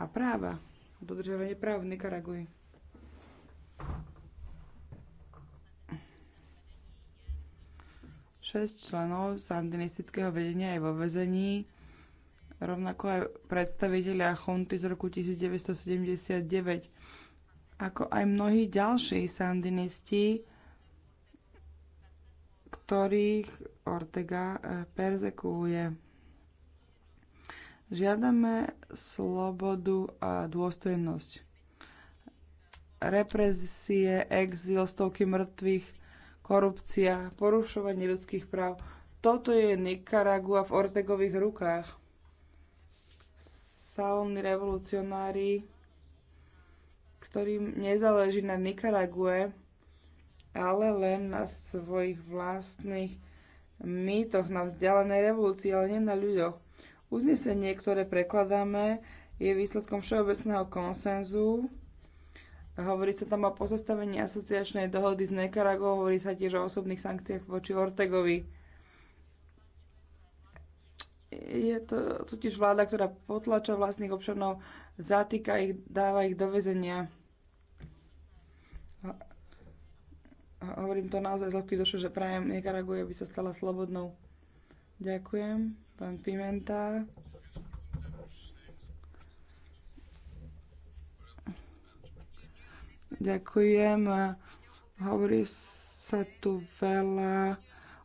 a práva, dodržiavanie práv v Nikaragui. Šesť členov sandinistického vedenia je vo vezení, rovnako aj predstaviteľia chunty z roku 1979, ako aj mnohí ďalší sandinisti, ktorých Ortega eh, persekuje. Žiadame slobodu a dôstojnosť. Represie, exil, stovky mŕtvych, korupcia, porušovanie ľudských práv. Toto je Nikaragua v Ortegových rukách. Salónni revolucionári, ktorým nezáleží na Nikarague, ale len na svojich vlastných mýtoch, na vzdialenej revolúcii, ale nie na ľuďoch Uznesenie, ktoré prekladáme, je výsledkom všeobecného konsenzu. Hovorí sa tam o pozastavení asociačnej dohody s Nekaragou, hovorí sa tiež o osobných sankciách voči Ortegovi. Je to totiž vláda, ktorá potlača vlastných občanov, zatýka ich, dáva ich do väzenia. Hovorím to naozaj z hĺbky duše, že prajem Nikaraguje, aby sa stala slobodnou. Ďakujem. Pán Pimenta. Ďakujem. Hovorí sa tu veľa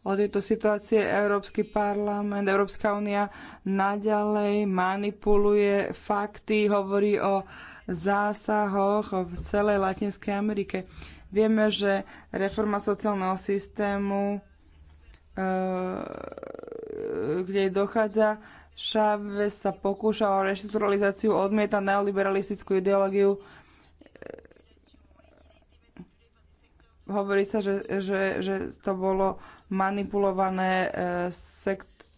o tejto situácie. Európsky parlament, Európska únia naďalej manipuluje fakty, hovorí o zásahoch v celej Latinskej Amerike. Vieme, že reforma sociálneho systému eh, kde dochádza. Chávez sa pokúša o reštrukturalizáciu, odmieta neoliberalistickú ideológiu. Hovorí sa, že, že, že to bolo manipulované e,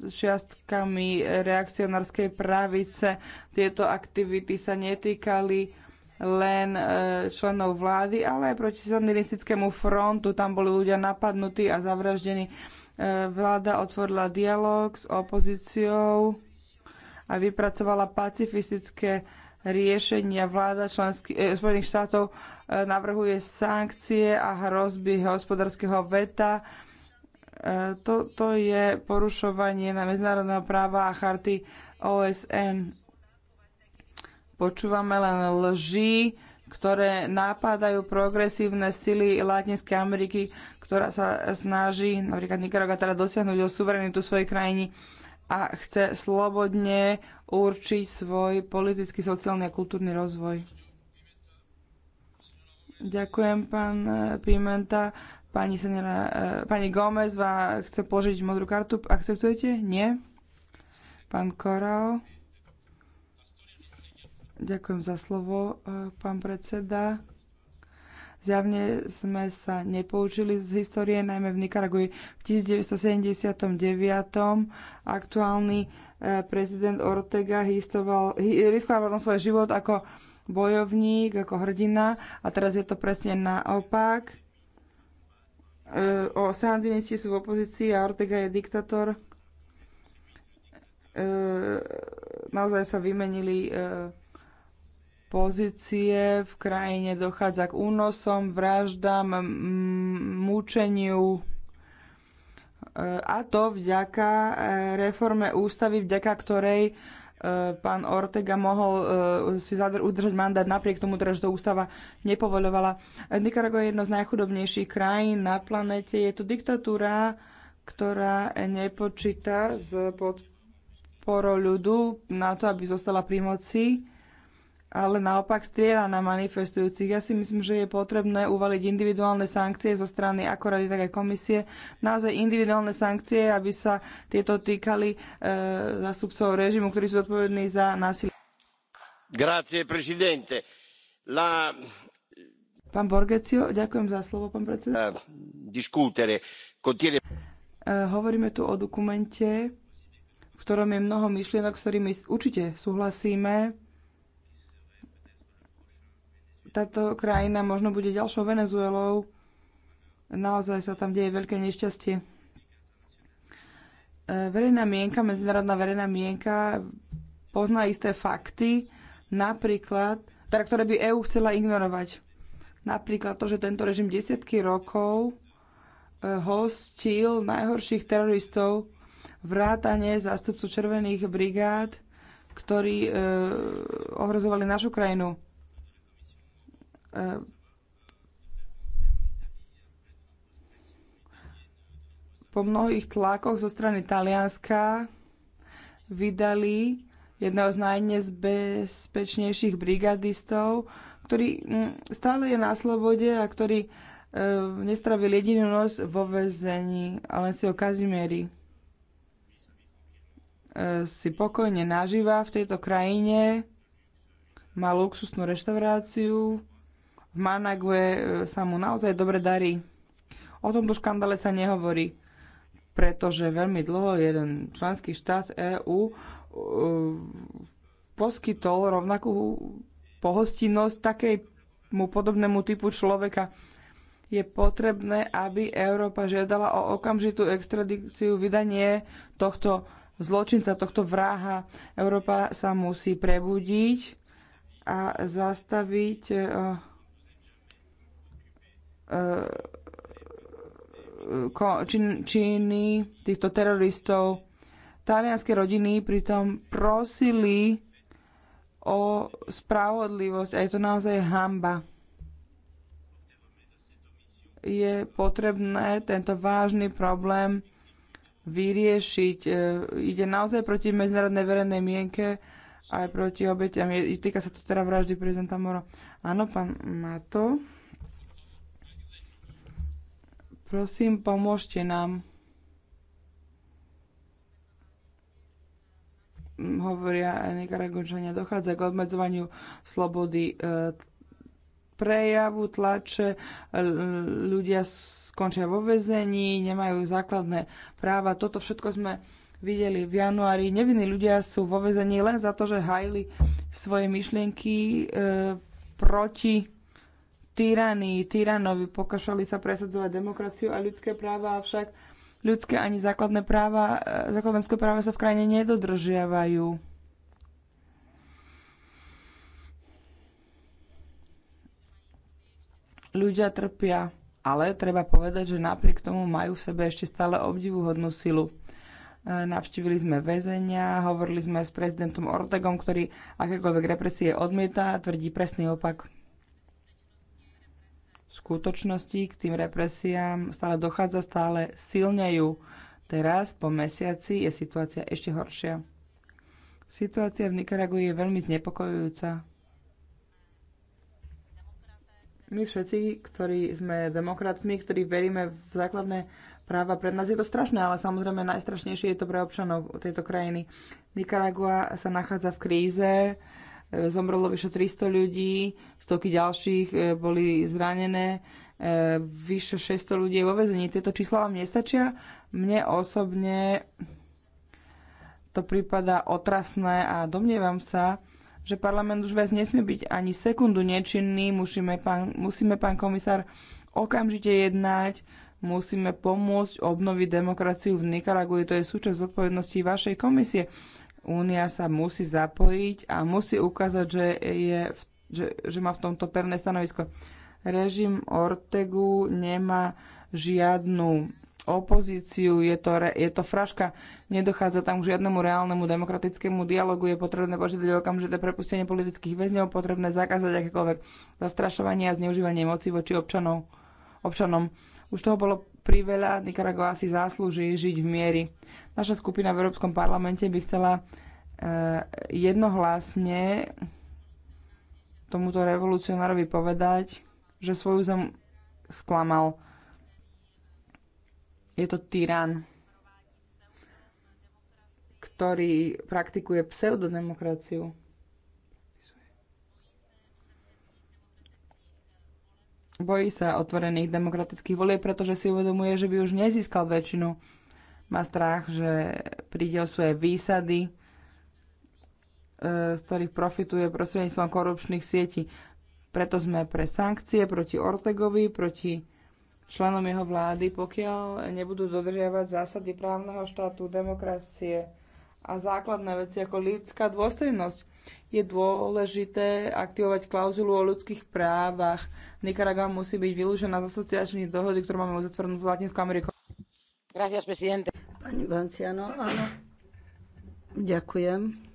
čiastkami reakcionárskej pravice. Tieto aktivity sa netýkali len e, členov vlády, ale aj proti sandinistickému frontu. Tam boli ľudia napadnutí a zavraždení. Vláda otvorila dialog s opozíciou a vypracovala pacifistické riešenia. Vláda Spojených eh, Spojených štátov eh, navrhuje sankcie a hrozby hospodárskeho veta. Eh, toto je porušovanie na medzinárodného práva a charty OSN. Počúvame len lži ktoré napádajú progresívne sily Latinskej Ameriky, ktorá sa snaží, napríklad Nicaragua, teda dosiahnuť o suverenitu svojej krajiny a chce slobodne určiť svoj politický, sociálny a kultúrny rozvoj. Ďakujem, pán eh, Pimenta. Pani, senera, eh, pani Gomez vám chce položiť modrú kartu. Akceptujete? Nie? Pán Koral? Ďakujem za slovo, e, pán predseda. Zjavne sme sa nepoučili z histórie, najmä v Nikaraguji. V 1979. aktuálny e, prezident Ortega riskoval svoj život ako bojovník, ako hrdina a teraz je to presne naopak. E, o sandinisti sú v opozícii a Ortega je diktator. Naozaj sa vymenili pozície. V krajine dochádza k únosom, vraždám, mučeniu e, a to vďaka e, reforme ústavy, vďaka ktorej e, pán Ortega mohol si udržať mandát napriek tomu, teda, že to ústava nepovoľovala. Nicaragua je jedno z najchudobnejších krajín na planete. Je to diktatúra, ktorá nepočíta s podporou ľudu na to, aby zostala pri moci ale naopak strieľa na manifestujúcich. Ja si myslím, že je potrebné uvaliť individuálne sankcie zo strany ako rady, tak aj komisie. Naozaj individuálne sankcie, aby sa tieto týkali e, zastupcov režimu, ktorí sú odpovední za násilie. Grazie, presidente. La... Pán Borgecio, ďakujem za slovo, pán predseda. Uh, contiene... Uh, hovoríme tu o dokumente, v ktorom je mnoho myšlienok, s ktorými určite súhlasíme táto krajina možno bude ďalšou Venezuelou. Naozaj sa tam deje veľké nešťastie. E, verejná mienka, medzinárodná verejná mienka pozná isté fakty, napríklad, teda, ktoré by EÚ chcela ignorovať. Napríklad to, že tento režim desiatky rokov e, hostil najhorších teroristov vrátane zástupcu Červených brigád, ktorí e, ohrozovali našu krajinu. E, po mnohých tlakoch zo strany Talianska vydali jedného z najnezbezpečnejších brigadistov, ktorý mm, stále je na slobode a ktorý e, nestravil jedinú noc vo väzení, ale si o Kazimieri e, si pokojne nažíva v tejto krajine, má luxusnú reštauráciu, v Manague e, sa mu naozaj dobre darí. O tomto škandále sa nehovorí, pretože veľmi dlho jeden členský štát EÚ e, poskytol rovnakú pohostinnosť takému podobnému typu človeka. Je potrebné, aby Európa žiadala o okamžitú extradíciu vydanie tohto zločinca, tohto vraha. Európa sa musí prebudiť a zastaviť e, E, činy týchto teroristov. Talianské rodiny pritom prosili o spravodlivosť a je to naozaj hamba. Je potrebné tento vážny problém vyriešiť. E, ide naozaj proti medzinárodnej verejnej mienke aj proti obetiam. Týka sa to teda vraždy prezidenta Moro. Áno, pán Mato. Prosím, pomôžte nám. Hovoria Nikaragunčania, dochádza k obmedzovaniu slobody e, prejavu, tlače, e, ľudia skončia vo vezení, nemajú základné práva. Toto všetko sme videli v januári. Nevinní ľudia sú vo vezení len za to, že hajli svoje myšlienky e, proti tyraní, tyranovi pokašali sa presadzovať demokraciu a ľudské práva, avšak ľudské ani základné práva, e, základné práva sa v krajine nedodržiavajú. Ľudia trpia, ale treba povedať, že napriek tomu majú v sebe ešte stále obdivuhodnú silu. E, navštívili sme väzenia, hovorili sme s prezidentom Ortegom, ktorý akékoľvek represie odmieta tvrdí presný opak skutočnosti k tým represiám stále dochádza, stále silnejú. Teraz, po mesiaci, je situácia ešte horšia. Situácia v Nikaragu je veľmi znepokojujúca. My všetci, ktorí sme demokratmi, ktorí veríme v základné práva, pre nás je to strašné, ale samozrejme najstrašnejšie je to pre občanov tejto krajiny. Nikaragua sa nachádza v kríze, zomrlo vyše 300 ľudí, stovky ďalších e, boli zranené, e, vyše 600 ľudí je vo vezení. Tieto čísla vám nestačia? Mne osobne to prípada otrasné a domnievam sa, že parlament už viac nesmie byť ani sekundu nečinný. Musíme, pán, musíme, pán komisár, okamžite jednať, musíme pomôcť obnoviť demokraciu v Nikaragu, To je súčasť zodpovednosti vašej komisie. Únia sa musí zapojiť a musí ukázať, že, je, že, že má v tomto pevné stanovisko. Režim Ortegu nemá žiadnu opozíciu, je to, re, je to fraška, nedochádza tam k žiadnemu reálnemu demokratickému dialogu, je potrebné požiadať okamžité prepustenie politických väzňov, potrebné zakázať akékoľvek zastrašovanie a zneužívanie moci voči občanov, občanom. Už toho bolo priveľa, Nikarago si zaslúži žiť v miery. Naša skupina v Európskom parlamente by chcela e, jednohlasne tomuto revolucionárovi povedať, že svoju zem sklamal. Je to tyran, ktorý praktikuje pseudodemokraciu. bojí sa otvorených demokratických volieb, pretože si uvedomuje, že by už nezískal väčšinu. Má strach, že príde o svoje výsady, e, z ktorých profituje prostredníctvom korupčných sietí. Preto sme pre sankcie proti Ortegovi, proti členom jeho vlády, pokiaľ nebudú dodržiavať zásady právneho štátu, demokracie a základné veci ako ľudská dôstojnosť je dôležité aktivovať klauzulu o ľudských právach. Nicaragua musí byť vylúžená z asociačných dohody, ktorú máme uzatvorenú s Latinskou Amerikou. Gracias, presidente. Pani Banciano, áno. Ďakujem.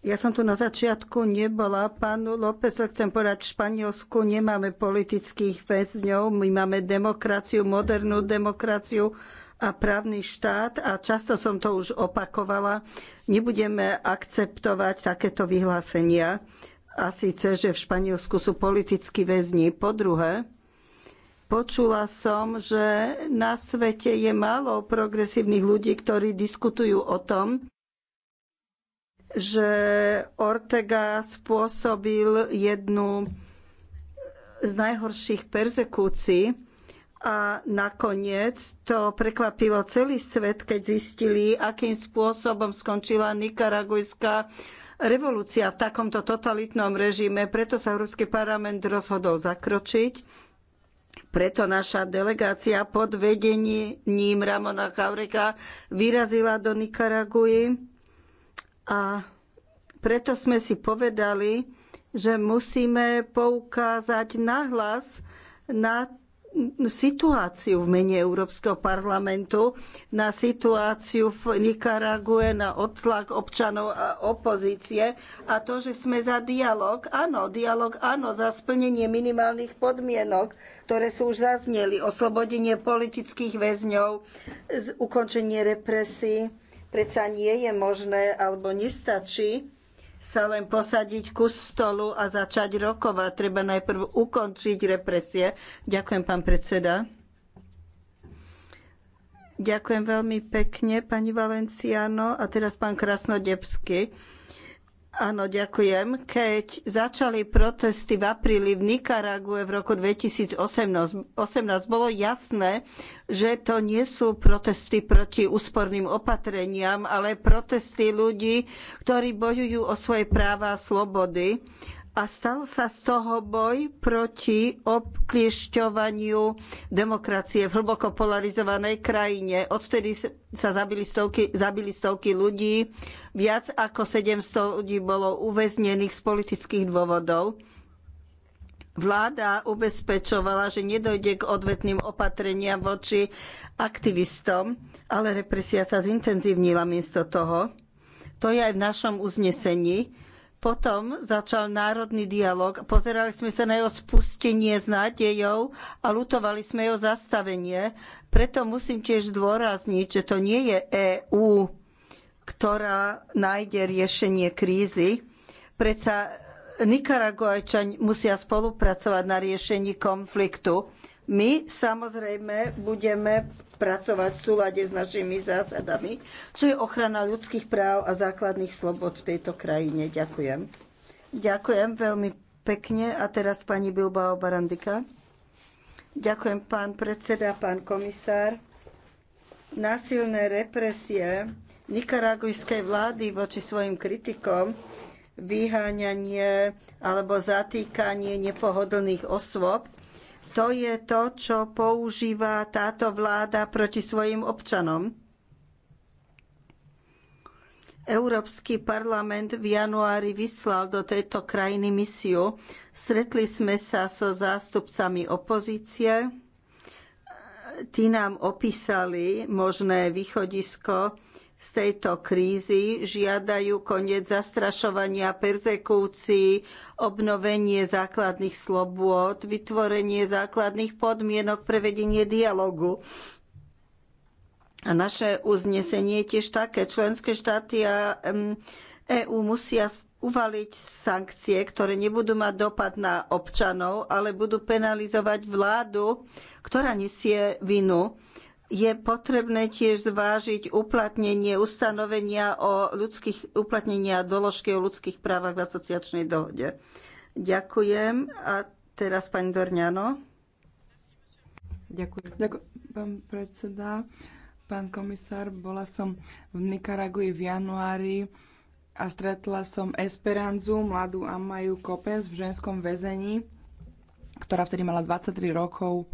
Ja som tu na začiatku nebola. Pán López, chcem povedať, v Španielsku nemáme politických väzňov, my máme demokraciu, modernú demokraciu a právny štát, a často som to už opakovala, nebudeme akceptovať takéto vyhlásenia. A síce, že v Španielsku sú politickí väzni. Po druhé, Počula som, že na svete je málo progresívnych ľudí, ktorí diskutujú o tom, že Ortega spôsobil jednu z najhorších perzekúcií a nakoniec to prekvapilo celý svet, keď zistili, akým spôsobom skončila nikaragujská revolúcia v takomto totalitnom režime. Preto sa Európsky parlament rozhodol zakročiť. Preto naša delegácia pod vedením Ramona Chaureka vyrazila do Nikaraguji a preto sme si povedali, že musíme poukázať nahlas na situáciu v mene Európskeho parlamentu, na situáciu v Nikarague, na odtlak občanov a opozície a to, že sme za dialog, áno, dialog, áno, za splnenie minimálnych podmienok, ktoré sú už zazneli, oslobodenie politických väzňov, ukončenie represí, predsa nie je možné alebo nestačí sa len posadiť ku stolu a začať rokovať. Treba najprv ukončiť represie. Ďakujem, pán predseda. Ďakujem veľmi pekne, pani Valenciano. A teraz pán Krasnodebsky. Áno, ďakujem. Keď začali protesty v apríli v Nikarague v roku 2018, 18, bolo jasné, že to nie sú protesty proti úsporným opatreniam, ale protesty ľudí, ktorí bojujú o svoje práva a slobody a stal sa z toho boj proti obkliešťovaniu demokracie v hlboko polarizovanej krajine. Odvtedy sa zabili stovky, zabili stovky ľudí, viac ako 700 ľudí bolo uväznených z politických dôvodov. Vláda ubezpečovala, že nedojde k odvetným opatreniam voči aktivistom, ale represia sa zintenzívnila miesto toho. To je aj v našom uznesení potom začal národný dialog, pozerali sme sa na jeho spustenie s nádejou a lutovali sme jeho zastavenie. Preto musím tiež zdôrazniť, že to nie je EÚ, ktorá nájde riešenie krízy. Predsa Nikaraguajčan musia spolupracovať na riešení konfliktu. My samozrejme budeme pracovať v súlade s našimi zásadami, čo je ochrana ľudských práv a základných slobod v tejto krajine. Ďakujem. Ďakujem veľmi pekne. A teraz pani Bilbao Barandika. Ďakujem, pán predseda, pán komisár. Násilné represie nikaragujskej vlády voči svojim kritikom, vyháňanie alebo zatýkanie nepohodlných osôb to je to, čo používa táto vláda proti svojim občanom. Európsky parlament v januári vyslal do tejto krajiny misiu. Stretli sme sa so zástupcami opozície. Tí nám opísali možné východisko z tejto krízy, žiadajú koniec zastrašovania, perzekúcií, obnovenie základných slobôd, vytvorenie základných podmienok pre vedenie dialogu. A naše uznesenie je tiež také. Členské štáty a EÚ e musia uvaliť sankcie, ktoré nebudú mať dopad na občanov, ale budú penalizovať vládu, ktorá nesie vinu je potrebné tiež zvážiť uplatnenie ustanovenia o ľudských, uplatnenia doložky o ľudských právach v asociačnej dohode. Ďakujem. A teraz pani Dorňano. Ďakujem. Ďakujem, pán predseda. Pán komisár, bola som v Nikaragui v januári a stretla som Esperanzu, mladú Amaju Kopes v ženskom väzení, ktorá vtedy mala 23 rokov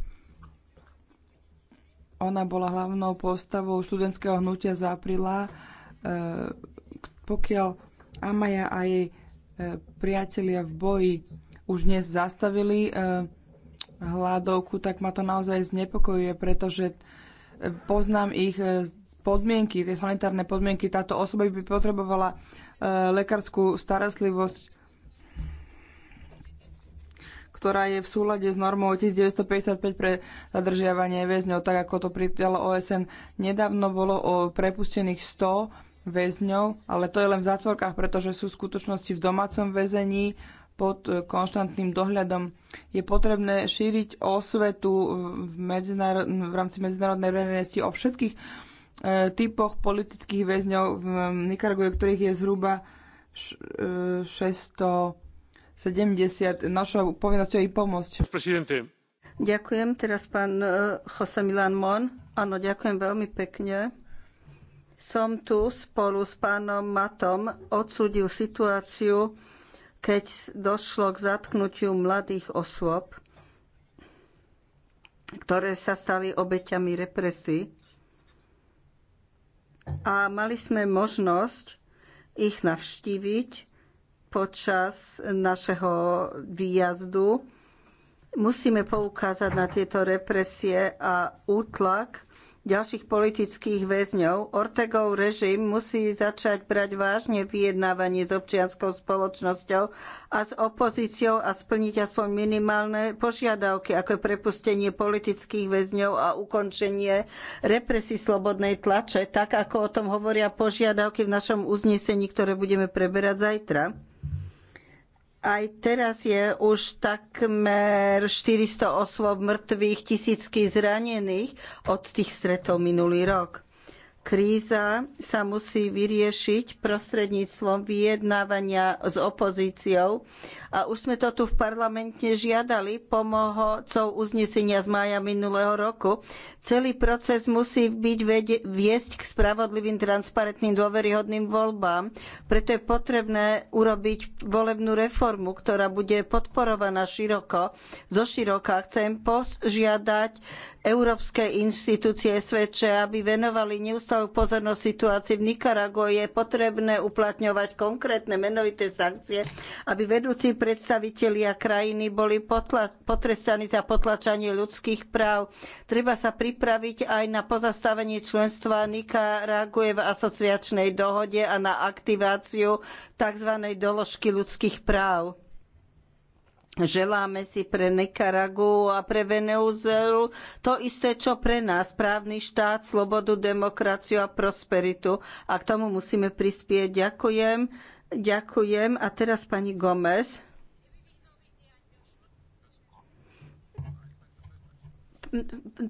ona bola hlavnou postavou študentského hnutia z apríla. E, pokiaľ Amaja a jej e, priatelia v boji už dnes zastavili e, hľadovku, tak ma to naozaj znepokojuje, pretože poznám ich podmienky, tie sanitárne podmienky. Táto osoba by potrebovala lekárskú starostlivosť ktorá je v súlade s normou 1955 pre zadržiavanie väzňov, tak ako to pridalo OSN. Nedávno bolo o prepustených 100 väzňov, ale to je len v zátvorkách, pretože sú v skutočnosti v domácom väzení pod e, konštantným dohľadom. Je potrebné šíriť osvetu v, v rámci medzinárodnej verejnosti o všetkých e, typoch politických väzňov v Nikaraguje, ktorých je zhruba 600 Našou povinnosťou je pomôcť. Ďakujem. Teraz pán eh, Jose Milan Mon. Áno, ďakujem veľmi pekne. Som tu spolu s pánom Matom odsúdil situáciu, keď došlo k zatknutiu mladých osôb, ktoré sa stali obeťami represí. A mali sme možnosť ich navštíviť počas našeho výjazdu. Musíme poukázať na tieto represie a útlak ďalších politických väzňov. Ortegov režim musí začať brať vážne vyjednávanie s občianskou spoločnosťou a s opozíciou a splniť aspoň minimálne požiadavky, ako je prepustenie politických väzňov a ukončenie represí slobodnej tlače, tak ako o tom hovoria požiadavky v našom uznesení, ktoré budeme preberať zajtra. Aj teraz je už takmer 400 osôb mŕtvych, tisícky zranených od tých stretov minulý rok. Kríza sa musí vyriešiť prostredníctvom vyjednávania s opozíciou. A už sme to tu v parlamente žiadali pomohocou uznesenia z mája minulého roku. Celý proces musí byť viesť k spravodlivým, transparentným, dôveryhodným voľbám. Preto je potrebné urobiť volebnú reformu, ktorá bude podporovaná široko, zo široka. Chcem požiadať Európske inštitúcie svedčia, aby venovali neustálu pozornosť situácii v nikaragui je potrebné uplatňovať konkrétne menovité sankcie, aby vedúci predstavitelia krajiny boli potrestaní za potlačanie ľudských práv. Treba sa pripraviť aj na pozastavenie členstva Nikaraguje v asociačnej dohode a na aktiváciu tzv. doložky ľudských práv Želáme si pre Nikaragu a pre Venezuelu to isté, čo pre nás. Právny štát, slobodu, demokraciu a prosperitu. A k tomu musíme prispieť. Ďakujem. Ďakujem. A teraz pani Gomez.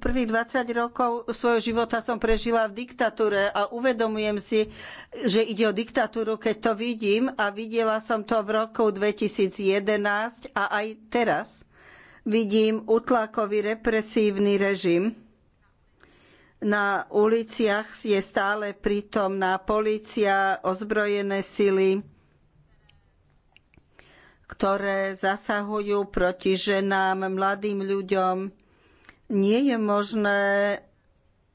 prvých 20 rokov svojho života som prežila v diktatúre a uvedomujem si, že ide o diktatúru, keď to vidím a videla som to v roku 2011 a aj teraz vidím utlakový represívny režim. Na uliciach je stále prítomná polícia, ozbrojené sily, ktoré zasahujú proti ženám, mladým ľuďom, nie je možné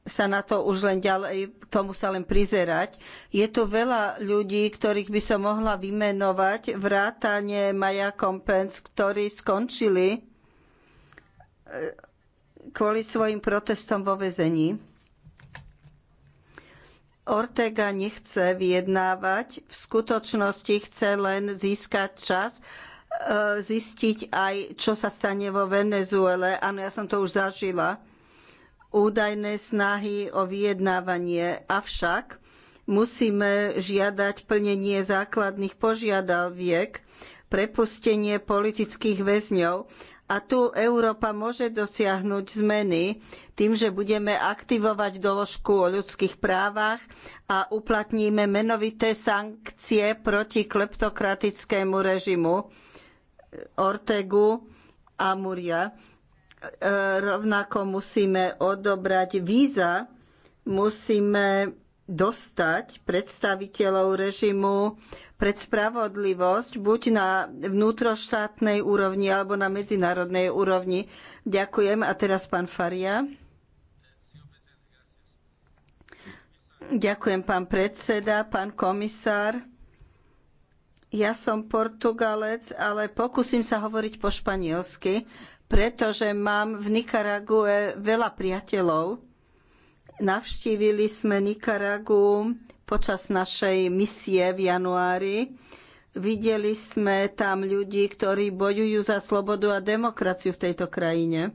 sa na to už len ďalej, tomu sa len prizerať. Je tu veľa ľudí, ktorých by som mohla vymenovať, vrátane Maja Kompens, ktorí skončili e, kvôli svojim protestom vo väzení. Ortega nechce vyjednávať, v skutočnosti chce len získať čas E, zistiť aj, čo sa stane vo Venezuele. Áno, ja som to už zažila. Údajné snahy o vyjednávanie. Avšak musíme žiadať plnenie základných požiadaviek, prepustenie politických väzňov. A tu Európa môže dosiahnuť zmeny tým, že budeme aktivovať doložku o ľudských právach a uplatníme menovité sankcie proti kleptokratickému režimu Ortegu a Muria. E, rovnako musíme odobrať víza, musíme dostať predstaviteľov režimu pred spravodlivosť, buď na vnútroštátnej úrovni alebo na medzinárodnej úrovni. Ďakujem. A teraz pán Faria. Ďakujem, pán predseda, pán komisár. Ja som Portugalec, ale pokúsim sa hovoriť po španielsky, pretože mám v Nikarague veľa priateľov. Navštívili sme Nikaragu počas našej misie v januári. Videli sme tam ľudí, ktorí bojujú za slobodu a demokraciu v tejto krajine.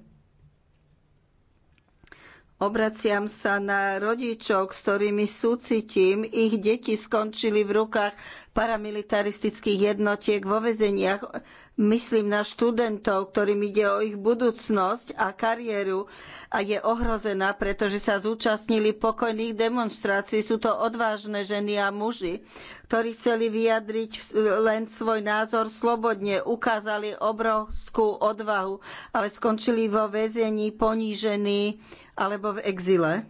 Obraciam sa na rodičov, s ktorými súcitím. Ich deti skončili v rukách paramilitaristických jednotiek vo väzeniach. Myslím na študentov, ktorým ide o ich budúcnosť a kariéru a je ohrozená, pretože sa zúčastnili pokojných demonštrácií. Sú to odvážne ženy a muži, ktorí chceli vyjadriť len svoj názor slobodne, ukázali obrovskú odvahu, ale skončili vo väzení ponížení alebo v exile.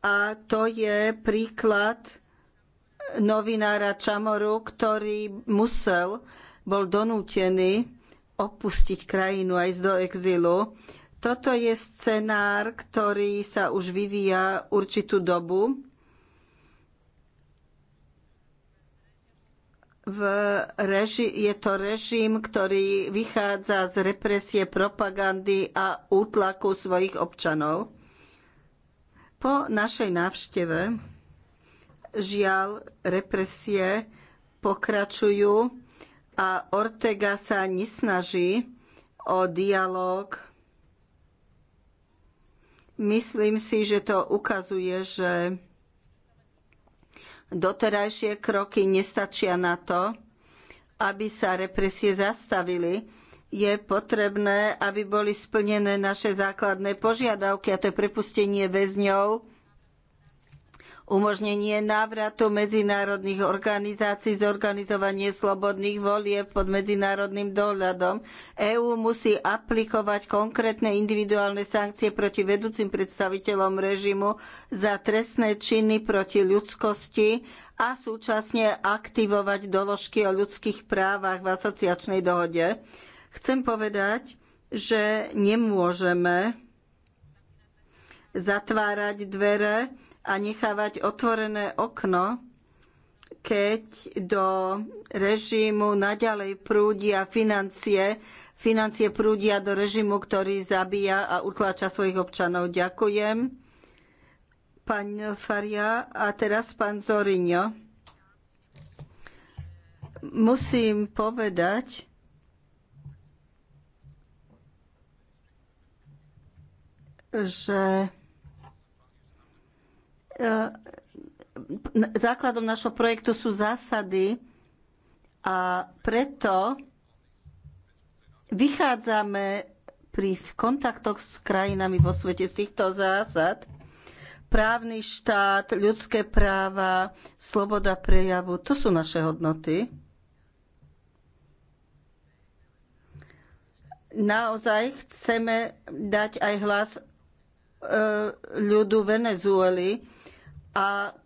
A to je príklad novinára Čamoru, ktorý musel, bol donútený opustiť krajinu aj ísť do exilu. Toto je scenár, ktorý sa už vyvíja určitú dobu. V reži- je to režim, ktorý vychádza z represie, propagandy a útlaku svojich občanov. Po našej návšteve Žiaľ, represie pokračujú a Ortega sa nesnaží o dialog. Myslím si, že to ukazuje, že doterajšie kroky nestačia na to, aby sa represie zastavili. Je potrebné, aby boli splnené naše základné požiadavky, a to je prepustenie väzňov, umožnenie návratu medzinárodných organizácií, zorganizovanie slobodných volieb pod medzinárodným dohľadom. EÚ musí aplikovať konkrétne individuálne sankcie proti vedúcim predstaviteľom režimu za trestné činy proti ľudskosti a súčasne aktivovať doložky o ľudských právach v asociačnej dohode. Chcem povedať, že nemôžeme zatvárať dvere a nechávať otvorené okno, keď do režimu naďalej prúdia financie, financie prúdia do režimu, ktorý zabíja a utláča svojich občanov. Ďakujem. Pán Faria a teraz pán Zorino. Musím povedať, že E, základom našho projektu sú zásady a preto vychádzame pri kontaktoch s krajinami vo svete z týchto zásad. Právny štát, ľudské práva, sloboda prejavu, to sú naše hodnoty. Naozaj chceme dať aj hlas e, ľudu Venezuely, a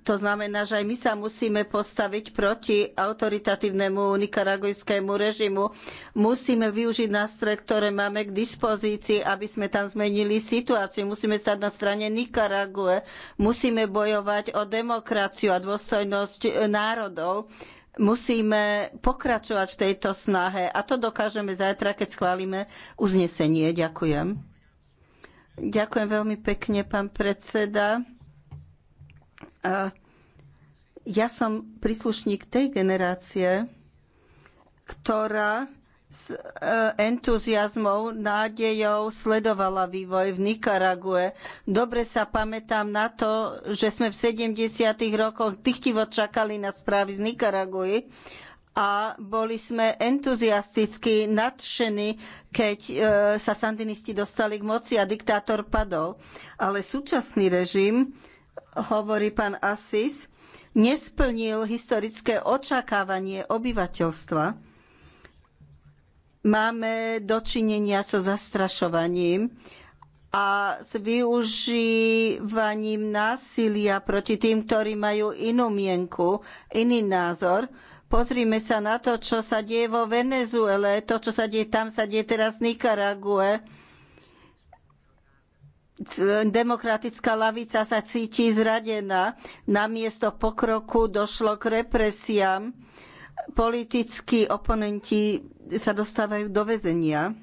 to znamená, že aj my sa musíme postaviť proti autoritatívnemu nikaragujskému režimu. Musíme využiť nástroje, ktoré máme k dispozícii, aby sme tam zmenili situáciu. Musíme stať na strane Nikarague. Musíme bojovať o demokraciu a dôstojnosť národov. Musíme pokračovať v tejto snahe a to dokážeme zajtra, keď schválime uznesenie. Ďakujem. Ďakujem veľmi pekne, pán predseda ja som príslušník tej generácie, ktorá s e, entuziasmou, nádejou sledovala vývoj v Nikarague. Dobre sa pamätám na to, že sme v 70. rokoch týchtivo čakali na správy z Nikaraguji a boli sme entuziasticky nadšení, keď e, sa sandinisti dostali k moci a diktátor padol. Ale súčasný režim hovorí pán Asis, nesplnil historické očakávanie obyvateľstva. Máme dočinenia so zastrašovaním a s využívaním násilia proti tým, ktorí majú inú mienku, iný názor. Pozrime sa na to, čo sa deje vo Venezuele, to, čo sa deje tam, sa deje teraz v Nikarague demokratická lavica sa cíti zradená. Namiesto pokroku došlo k represiám. Politickí oponenti sa dostávajú do väzenia.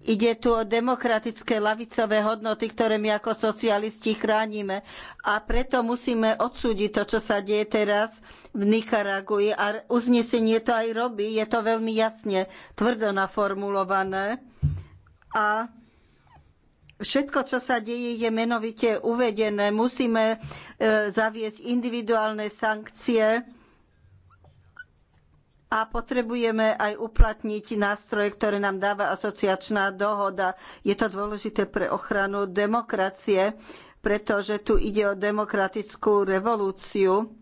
Ide tu o demokratické lavicové hodnoty, ktoré my ako socialisti chránime. A preto musíme odsúdiť to, čo sa deje teraz v Nikaragui. A uznesenie to aj robí. Je to veľmi jasne, tvrdo naformulované. A Všetko, čo sa deje, je menovite uvedené. Musíme e, zaviesť individuálne sankcie a potrebujeme aj uplatniť nástroje, ktoré nám dáva asociačná dohoda. Je to dôležité pre ochranu demokracie, pretože tu ide o demokratickú revolúciu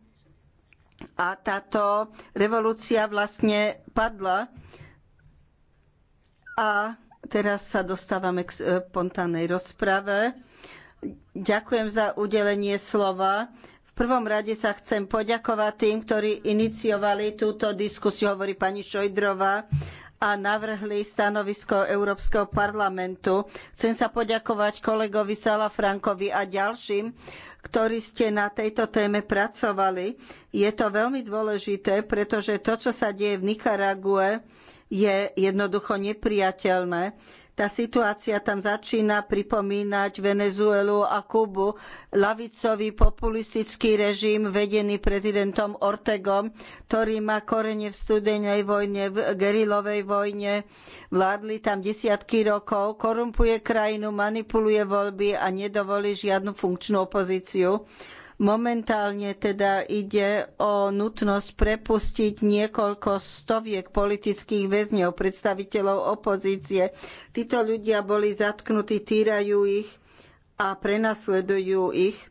a táto revolúcia vlastne padla a Teraz sa dostávame k eh, spontánnej rozprave. Ďakujem za udelenie slova. V prvom rade sa chcem poďakovať tým, ktorí iniciovali túto diskusiu, hovorí pani Šojdrová, a navrhli stanovisko Európskeho parlamentu. Chcem sa poďakovať kolegovi Salafrankovi a ďalším, ktorí ste na tejto téme pracovali. Je to veľmi dôležité, pretože to, čo sa deje v Nikarague, je jednoducho neprijateľné. Tá situácia tam začína pripomínať Venezuelu a Kubu. Lavicový populistický režim vedený prezidentom Ortegom, ktorý má korene v studenej vojne, v gerilovej vojne, vládli tam desiatky rokov, korumpuje krajinu, manipuluje voľby a nedovolí žiadnu funkčnú opozíciu. Momentálne teda ide o nutnosť prepustiť niekoľko stoviek politických väzňov, predstaviteľov opozície. Títo ľudia boli zatknutí, týrajú ich a prenasledujú ich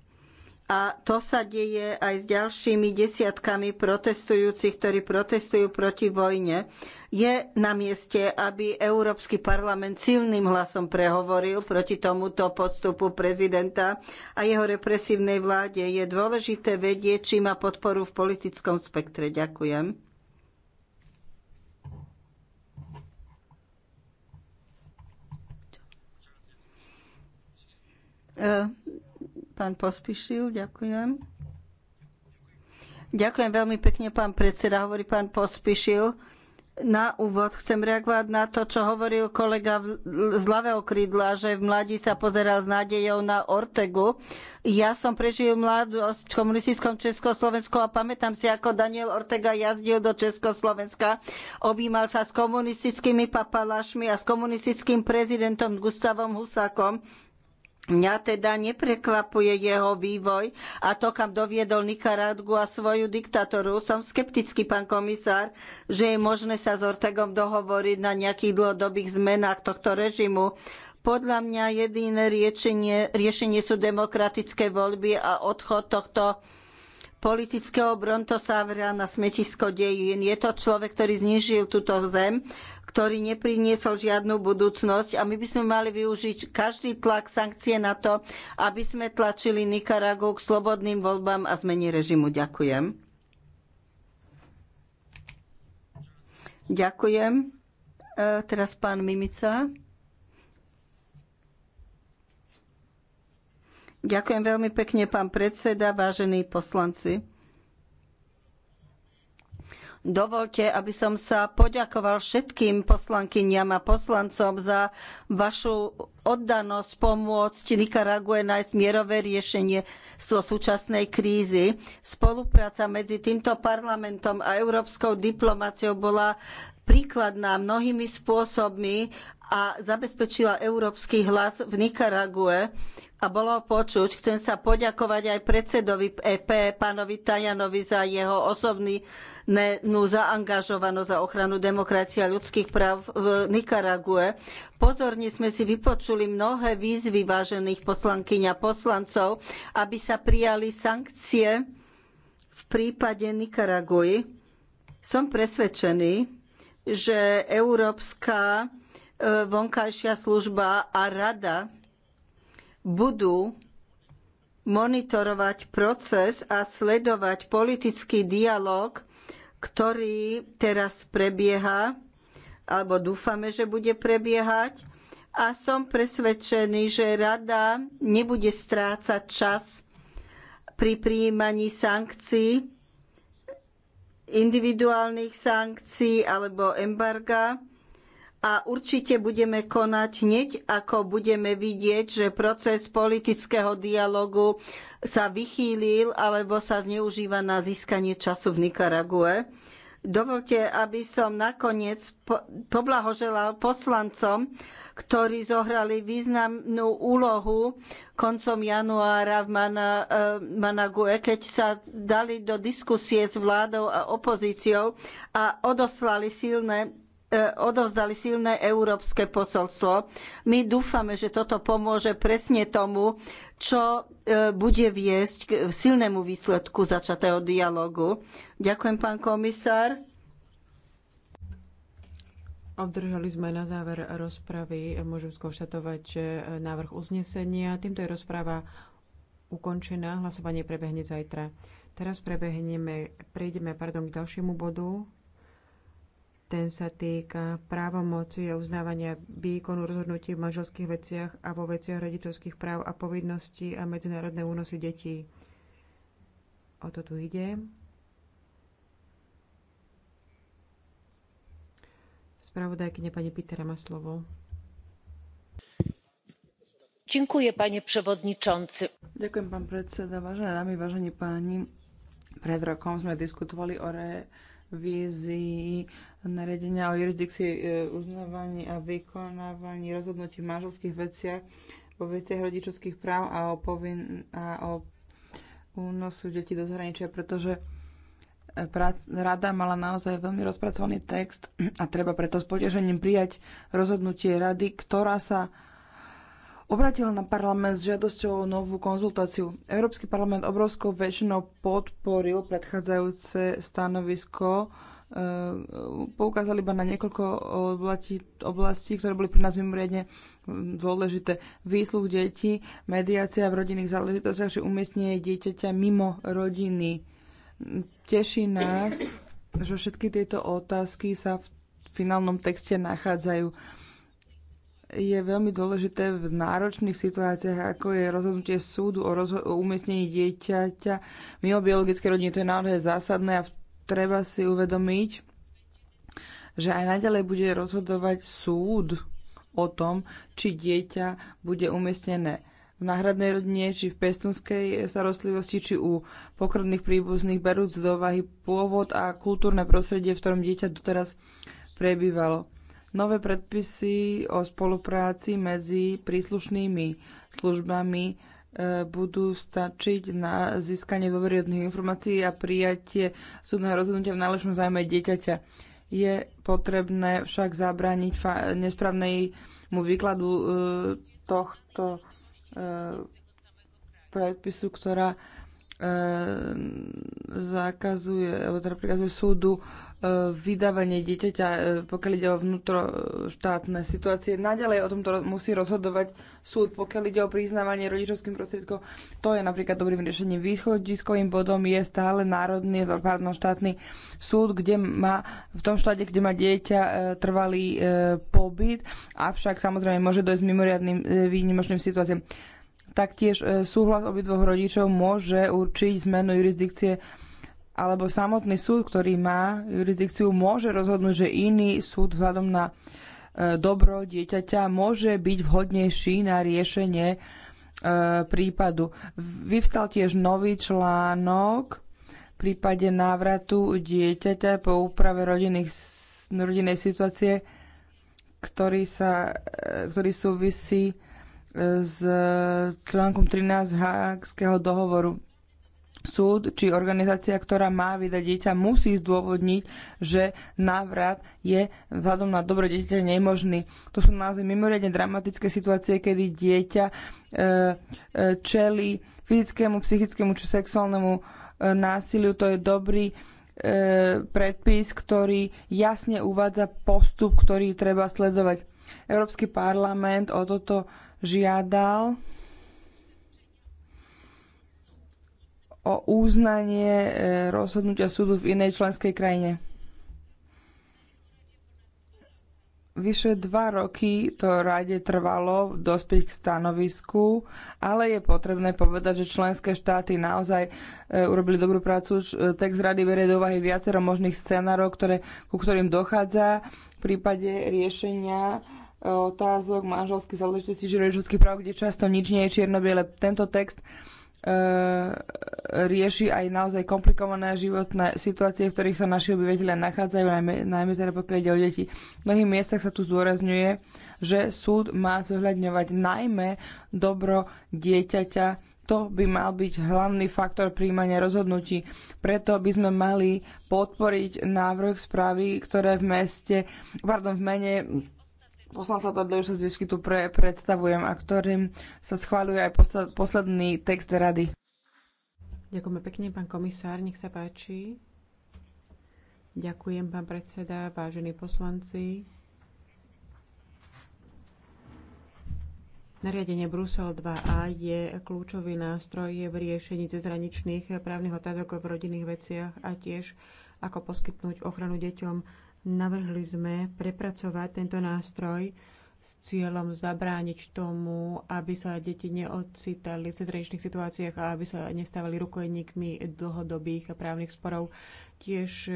a to sa deje aj s ďalšími desiatkami protestujúcich, ktorí protestujú proti vojne. Je na mieste, aby Európsky parlament silným hlasom prehovoril proti tomuto postupu prezidenta a jeho represívnej vláde. Je dôležité vedieť, či má podporu v politickom spektre. Ďakujem. Uh Pán Pospišil, ďakujem. Ďakujem veľmi pekne, pán predseda, hovorí pán Pospišil. Na úvod chcem reagovať na to, čo hovoril kolega z ľavého krídla, že v mladí sa pozerá s nádejou na Ortegu. Ja som prežil mladosť v komunistickom Československu a pamätám si, ako Daniel Ortega jazdil do Československa, objímal sa s komunistickými papalašmi a s komunistickým prezidentom Gustavom Husákom Mňa teda neprekvapuje jeho vývoj a to, kam doviedol Nikaragua a svoju diktatúru. Som skeptický, pán komisár, že je možné sa s Ortegom dohovoriť na nejakých dlhodobých zmenách tohto režimu. Podľa mňa jediné riešenie, riešenie sú demokratické voľby a odchod tohto politického Brontosávra na smetisko dejín. Je to človek, ktorý znížil túto zem ktorý nepriniesol žiadnu budúcnosť a my by sme mali využiť každý tlak sankcie na to, aby sme tlačili Nikaragu k slobodným voľbám a zmeni režimu. Ďakujem. Ďakujem. E, teraz pán Mimica. Ďakujem veľmi pekne, pán predseda, vážení poslanci. Dovolte, aby som sa poďakoval všetkým poslankyniam a poslancom za vašu oddanosť pomôcť Nikarague nájsť mierové riešenie so súčasnej krízy. Spolupráca medzi týmto parlamentom a európskou diplomáciou bola príkladná mnohými spôsobmi a zabezpečila európsky hlas v Nikarague a bolo počuť. Chcem sa poďakovať aj predsedovi EP, pánovi Tajanovi, za jeho osobný zaangažovanosť za ochranu demokracie a ľudských práv v Nikarague. Pozorne sme si vypočuli mnohé výzvy vážených poslankyň a poslancov, aby sa prijali sankcie v prípade Nikaraguji. Som presvedčený, že Európska e, vonkajšia služba a rada budú monitorovať proces a sledovať politický dialog, ktorý teraz prebieha, alebo dúfame, že bude prebiehať. A som presvedčený, že rada nebude strácať čas pri prijímaní sankcií, individuálnych sankcií alebo embarga, a určite budeme konať hneď, ako budeme vidieť, že proces politického dialogu sa vychýlil alebo sa zneužíva na získanie času v Nikarague. Dovolte, aby som nakoniec poblahoželal poslancom, ktorí zohrali významnú úlohu koncom januára v eh, Manague, keď sa dali do diskusie s vládou a opozíciou a odoslali silné E, odovzdali silné európske posolstvo. My dúfame, že toto pomôže presne tomu, čo e, bude viesť k silnému výsledku začatého dialogu. Ďakujem, pán komisár. Obdržali sme na záver rozpravy, môžem skonštatovať, že návrh uznesenia. Týmto je rozpráva ukončená, hlasovanie prebehne zajtra. Teraz prebehneme, prejdeme pardon, k ďalšiemu bodu. Ten sa týka právomoci a uznávania výkonu rozhodnutí v manželských veciach a vo veciach rodičovských práv a povinností a medzinárodné únosy detí. O to tu ide. Spravodajkyne pani Pitera má slovo. Ďakujem, panie przewodniczący. Ďakujem, pán predseda. Vážené dámy, vážení páni, pred rokom sme diskutovali o revízii nariadenia o jurisdikcii e, uznávaní a vykonávaní rozhodnutí v manželských veciach vo veciach rodičovských práv a o, povin- a o únosu detí do zahraničia, pretože e, rada mala naozaj veľmi rozpracovaný text a treba preto s potešením prijať rozhodnutie rady, ktorá sa obratila na parlament s žiadosťou o novú konzultáciu. Európsky parlament obrovskou väčšinou podporil predchádzajúce stanovisko E, poukázali iba na niekoľko oblastí, oblastí, ktoré boli pre nás mimoriadne dôležité. Výsluch detí, mediácia v rodinných záležitostiach, že umiestnenie dieťaťa mimo rodiny. Teší nás, že všetky tieto otázky sa v finálnom texte nachádzajú. Je veľmi dôležité v náročných situáciách, ako je rozhodnutie súdu o, rozho- o umiestnení dieťaťa mimo biologické rodiny. To je naozaj zásadné a v treba si uvedomiť, že aj naďalej bude rozhodovať súd o tom, či dieťa bude umiestnené v náhradnej rodine, či v pestunskej starostlivosti, či u pokrvných príbuzných, berúc do váhy pôvod a kultúrne prostredie, v ktorom dieťa doteraz prebývalo. Nové predpisy o spolupráci medzi príslušnými službami budú stačiť na získanie dôveryhodných informácií a prijatie súdneho rozhodnutia v náležnom zájme dieťaťa. Je potrebné však zabrániť nesprávnemu výkladu e, tohto e, predpisu, ktorá e, zakazuje, alebo teda prikazuje súdu E, vydávanie dieťaťa, e, pokiaľ ide o vnútroštátne situácie. Naďalej o tomto musí rozhodovať súd, pokiaľ ide o priznávanie rodičovským prostriedkom. To je napríklad dobrým riešením. Východiskovým bodom je stále národný, pardon, štátny súd, kde má, v tom štáte, kde má dieťa e, trvalý pobyt, avšak samozrejme môže dojsť mimoriadným výnimočným situáciám. Taktiež súhlas obidvoch rodičov môže určiť zmenu jurisdikcie alebo samotný súd, ktorý má jurisdikciu, môže rozhodnúť, že iný súd vzhľadom na e, dobro dieťaťa môže byť vhodnejší na riešenie e, prípadu. Vyvstal tiež nový článok v prípade návratu dieťaťa po úprave rodinných, rodinnej situácie, ktorý, sa, e, ktorý súvisí s článkom 13 Hákského dohovoru súd či organizácia, ktorá má vydať dieťa, musí zdôvodniť, že návrat je vzhľadom na dobro dieťa nemožný. To sú naozaj mimoriadne dramatické situácie, kedy dieťa e, e, čeli fyzickému, psychickému či sexuálnemu e, násiliu. To je dobrý e, predpis, ktorý jasne uvádza postup, ktorý treba sledovať. Európsky parlament o toto žiadal o uznanie e, rozhodnutia súdu v inej členskej krajine. Vyše dva roky to rade trvalo dospieť k stanovisku, ale je potrebné povedať, že členské štáty naozaj e, urobili dobrú prácu. E, text rady berie do úvahy viacero možných scenárov, ktoré, ku ktorým dochádza v prípade riešenia otázok manželských záležitostí žirojžovských práv, kde často nič nie je čierno-biele. Tento text E, rieši aj naozaj komplikované životné situácie, v ktorých sa naši obyvateľia nachádzajú, najmä, najmä teda pokiaľ ide o deti. V mnohých miestach sa tu zdôrazňuje, že súd má zohľadňovať najmä dobro dieťaťa. To by mal byť hlavný faktor príjmania rozhodnutí. Preto by sme mali podporiť návrh správy, ktoré v meste, pardon, v mene poslanca už Zvišky tu pre, predstavujem a ktorým sa schváľuje aj posled, posledný text rady. Ďakujeme pekne, pán komisár, nech sa páči. Ďakujem, pán predseda, vážení poslanci. Nariadenie Brusel 2a je kľúčový nástroj v riešení cezhraničných právnych otázok v rodinných veciach a tiež ako poskytnúť ochranu deťom Navrhli sme prepracovať tento nástroj s cieľom zabrániť tomu, aby sa deti neocitali v cezrejšných situáciách a aby sa nestávali rukojníkmi dlhodobých právnych sporov. Tiež e,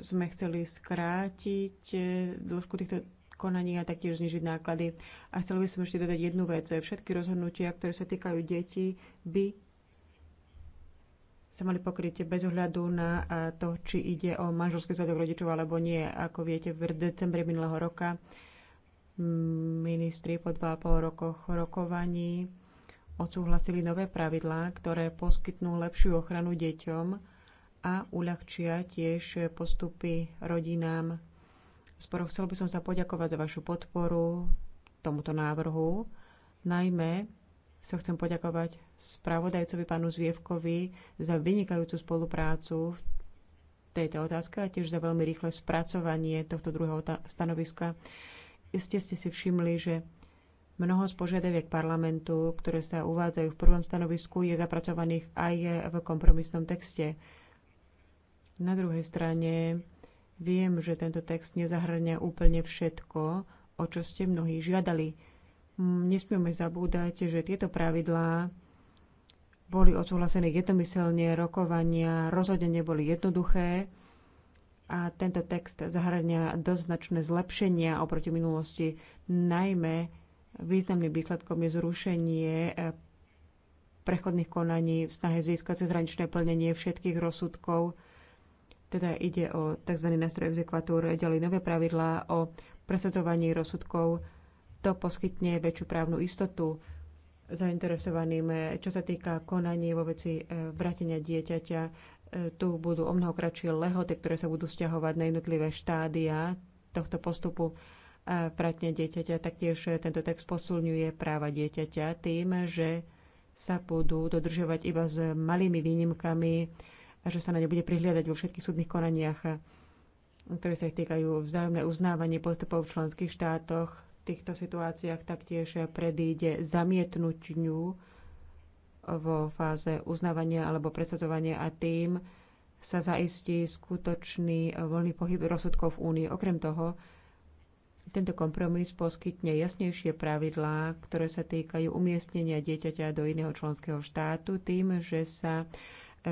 sme chceli skrátiť e, dĺžku týchto konaní a taktiež znižiť náklady. A chcel by som ešte dodať jednu vec. Všetky rozhodnutia, ktoré sa týkajú detí, by sa mali pokryť bez ohľadu na eh, to, či ide o manželský zväzok rodičov alebo nie. Ako viete, v decembri minulého roka ministri po 2,5 rokoch rokovaní odsúhlasili nové pravidlá, ktoré poskytnú lepšiu ochranu deťom a uľahčia tiež postupy rodinám. Sporo chcel by som sa poďakovať za vašu podporu tomuto návrhu, najmä sa chcem poďakovať spravodajcovi pánu Zvievkovi za vynikajúcu spoluprácu v tejto otázke a tiež za veľmi rýchle spracovanie tohto druhého stanoviska. Iste ste si všimli, že mnoho z požiadaviek parlamentu, ktoré sa uvádzajú v prvom stanovisku, je zapracovaných aj v kompromisnom texte. Na druhej strane viem, že tento text nezahrňa úplne všetko, o čo ste mnohí žiadali Mm, nesmieme zabúdať, že tieto pravidlá boli odsúhlasené jednomyselne, rokovania rozhodne neboli jednoduché a tento text zahrania doznačné zlepšenia oproti minulosti, najmä významným výsledkom je zrušenie eh, prechodných konaní v snahe získať cezhraničné plnenie všetkých rozsudkov. Teda ide o tzv. nástroj exekvatúr, ďalej nové pravidlá o presadzovaní rozsudkov to poskytne väčšiu právnu istotu zainteresovaným. Eh, čo sa týka konaní vo veci eh, vratenia dieťaťa, eh, tu budú o mnoho kratšie lehoty, ktoré sa budú stiahovať na jednotlivé štádia tohto postupu vratenia dieťaťa. Taktiež tento text posilňuje práva dieťaťa tým, že sa budú dodržovať iba s malými výnimkami a že sa na ne bude prihliadať vo všetkých súdnych konaniach, ktoré sa ich týkajú vzájomné uznávanie postupov v členských štátoch, týchto situáciách taktiež predíde zamietnutňu vo fáze uznávania alebo presadzovania a tým sa zaistí skutočný voľný pohyb rozsudkov v Únii. Okrem toho, tento kompromis poskytne jasnejšie pravidlá, ktoré sa týkajú umiestnenia dieťaťa do iného členského štátu tým, že sa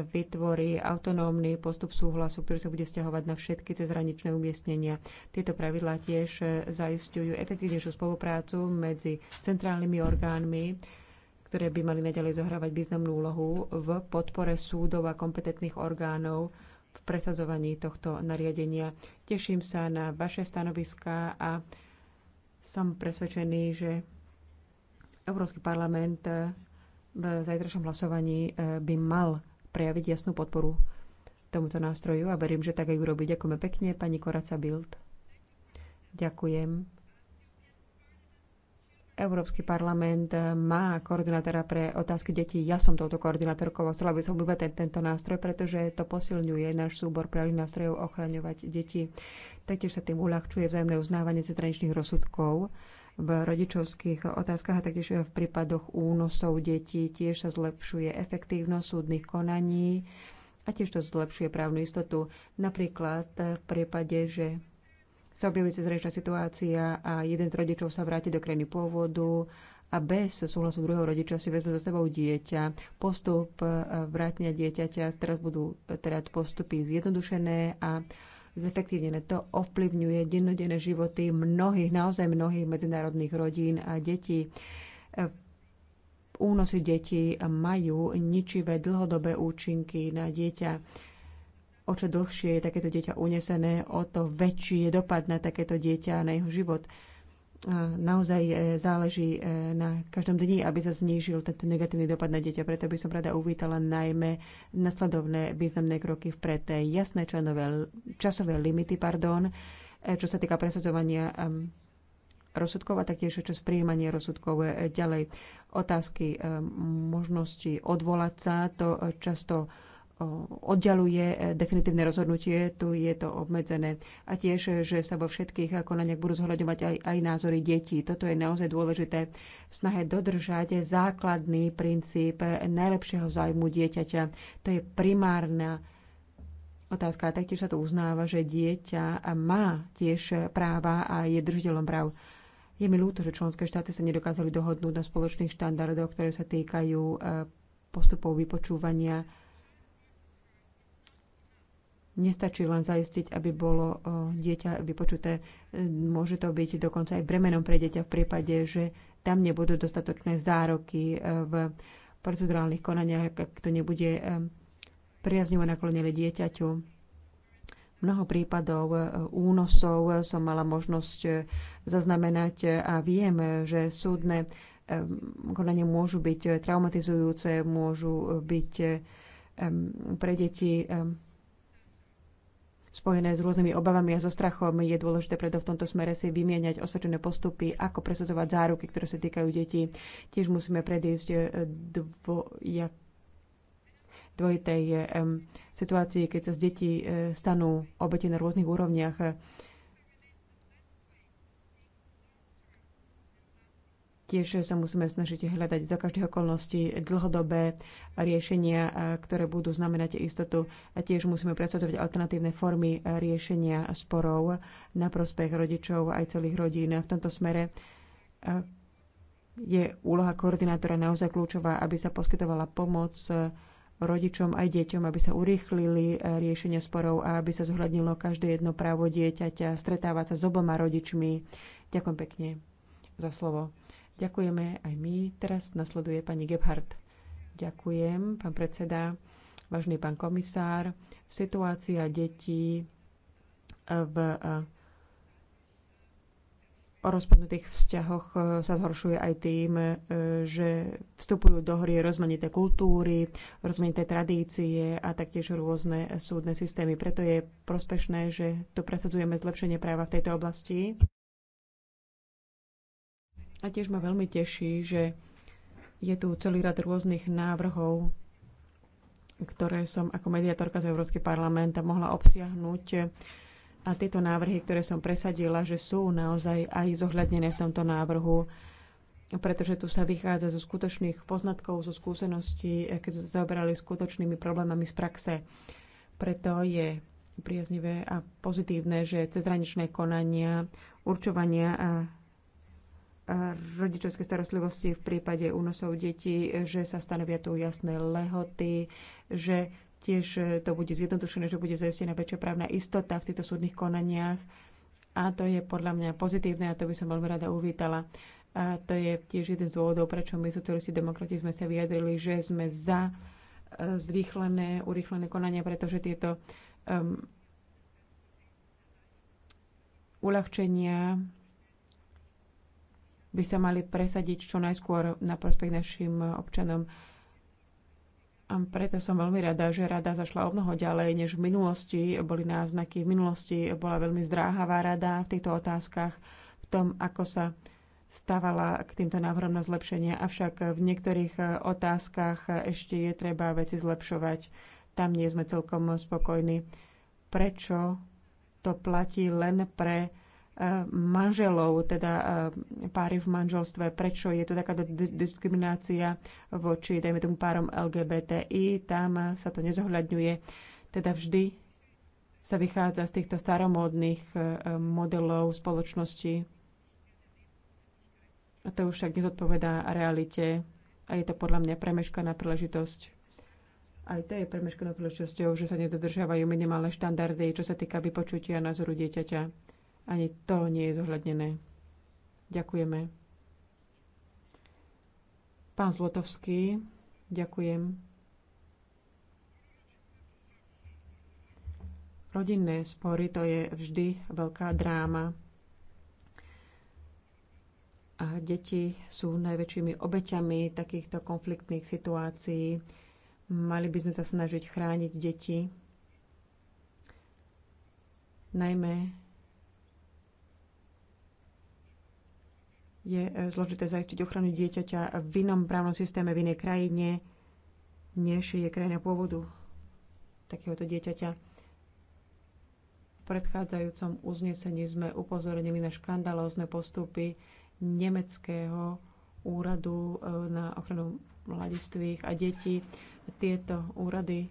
vytvorí autonómny postup súhlasu, ktorý sa bude stiahovať na všetky cezhraničné umiestnenia. Tieto pravidlá tiež zaistujú efektívnejšiu spoluprácu medzi centrálnymi orgánmi, ktoré by mali naďalej zohrávať významnú úlohu v podpore súdov a kompetentných orgánov v presazovaní tohto nariadenia. Teším sa na vaše stanoviská a som presvedčený, že Európsky parlament v zajtrašom hlasovaní eh, by mal prejaviť jasnú podporu tomuto nástroju a verím, že tak aj urobí. Ďakujeme pekne, pani Koraca Bild. Ďakujem. Európsky parlament má koordinátora pre otázky detí. Ja som touto koordinátorkou chcela by som iba ten, tento nástroj, pretože to posilňuje náš súbor právnych nástrojov ochraňovať deti. Taktiež sa tým uľahčuje vzájomné uznávanie cezraničných rozsudkov v rodičovských otázkach a taktiež v prípadoch únosov detí. Tiež sa zlepšuje efektívnosť súdnych konaní a tiež to zlepšuje právnu istotu. Napríklad v prípade, že sa objaví cezrejšia situácia a jeden z rodičov sa vráti do krajiny pôvodu a bez súhlasu druhého rodiča si vezme so sebou dieťa. Postup vrátenia dieťaťa teraz budú teda postupy zjednodušené a zefektívnené. To ovplyvňuje dennodenné životy mnohých, naozaj mnohých medzinárodných rodín a detí. Únosy detí majú ničivé dlhodobé účinky na dieťa. O čo dlhšie je takéto dieťa unesené, o to väčší je dopad na takéto dieťa a na jeho život naozaj e, záleží e, na každom dni, aby sa znížil tento negatívny dopad na dieťa. Preto by som rada uvítala najmä nasledovné významné kroky vpred. Jasné členové, časové limity, pardon, e, čo sa týka presadzovania rozsudkov a taktiež čo sprijímanie rozsudkov ďalej. Otázky možnosti odvolať sa, to často oddialuje e, definitívne rozhodnutie, tu je to obmedzené. A tiež, e, že sa vo všetkých e, konaniach budú zhľadovať aj, aj názory detí. Toto je naozaj dôležité. V snahe dodržať základný princíp najlepšieho zájmu dieťaťa. To je primárna otázka. A taktiež sa to uznáva, že dieťa má tiež práva a je držiteľom práv. Je mi ľúto, že členské štáty sa nedokázali dohodnúť na spoločných štandardoch, ktoré sa týkajú postupov vypočúvania Nestačí len zaistiť, aby bolo dieťa vypočuté. Môže to byť dokonca aj bremenom pre dieťa v prípade, že tam nebudú dostatočné zároky e, v procedurálnych konaniach, ak to nebude e, priaznivo naklonené dieťaťu. Mnoho prípadov e, únosov som mala možnosť zaznamenať a viem, že súdne konania môžu byť traumatizujúce, môžu byť pre deti spojené s rôznymi obavami a so strachom. Je dôležité preto v tomto smere si vymieňať osvedčené postupy, ako presadzovať záruky, ktoré sa týkajú detí. Tiež musíme predísť eh, dvojak dvojitej um, situácii, keď sa z detí uh, stanú obete na rôznych úrovniach. Tiež sa musíme snažiť hľadať za každých okolností dlhodobé riešenia, e, ktoré budú znamenať istotu. A tiež musíme predstavovať alternatívne formy e, riešenia sporov na prospech rodičov aj celých rodín. V tomto smere e, je úloha koordinátora naozaj kľúčová, aby sa poskytovala pomoc rodičom aj deťom, aby sa urýchlili riešenie sporov a aby sa zohľadnilo každé jedno právo dieťaťa stretávať sa s oboma rodičmi. Ďakujem pekne za slovo. Ďakujeme aj my. Teraz nasleduje pani Gebhardt. Ďakujem, pán predseda, vážny pán komisár. Situácia detí v eh, o rozpadnutých vzťahoch eh, sa zhoršuje aj tým, eh, že vstupujú do hry rozmanité kultúry, rozmanité tradície a taktiež rôzne súdne systémy. Preto je prospešné, že tu presadzujeme zlepšenie práva v tejto oblasti. A tiež ma veľmi teší, že je tu celý rad rôznych návrhov, ktoré som ako mediatorka z Európsky parlament mohla obsiahnuť. A tieto návrhy, ktoré som presadila, že sú naozaj aj zohľadnené v tomto návrhu, pretože tu sa vychádza zo skutočných poznatkov, zo skúseností, eh, keď sme sa zaoberali skutočnými problémami z praxe. Preto je priaznivé a pozitívne, že cezhraničné konania, určovania a rodičovskej starostlivosti v prípade únosov detí, že sa stanovia tu jasné lehoty, že tiež to bude zjednodušené, že bude zajistená väčšia právna istota v týchto súdnych konaniach. A to je podľa mňa pozitívne a to by som veľmi rada uvítala. A to je tiež jeden z dôvodov, prečo my socialisti demokrati sme sa vyjadrili, že sme za e, zrýchlené, urýchlené konania, pretože tieto um, uľahčenia by sa mali presadiť čo najskôr na prospech našim občanom. A preto som veľmi rada, že rada zašla o mnoho ďalej, než v minulosti boli náznaky. V minulosti bola veľmi zdráhavá rada v týchto otázkach, v tom, ako sa stávala k týmto návrhom na zlepšenie. Avšak v niektorých otázkach ešte je treba veci zlepšovať. Tam nie sme celkom spokojní. Prečo to platí len pre manželov, teda e, páry v manželstve, prečo je to takáto diskriminácia voči, dajme tomu, párom LGBTI, tam sa to nezohľadňuje. Teda vždy sa vychádza z týchto staromódnych e, modelov spoločnosti. A to už však nezodpovedá realite a je to podľa mňa premeškaná príležitosť. Aj to je premeškaná príležitosťou, že sa nedodržiavajú minimálne štandardy, čo sa týka vypočutia názoru dieťaťa ani to nie je zohľadnené. Ďakujeme. Pán Zlotovský, ďakujem. Rodinné spory to je vždy veľká dráma. A deti sú najväčšími obeťami takýchto konfliktných situácií. Mali by sme sa snažiť chrániť deti, najmä je e, zložité zaistiť ochranu dieťaťa v inom právnom systéme, v inej krajine, než je krajina pôvodu takéhoto dieťaťa. V predchádzajúcom uznesení sme upozornili na škandalózne postupy nemeckého úradu e, na ochranu mladistvých a detí. Tieto úrady